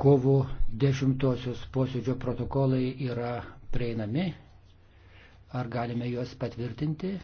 kovo 10 posėdžio protokolai yra prieinami. Ar galime juos patvirtinti?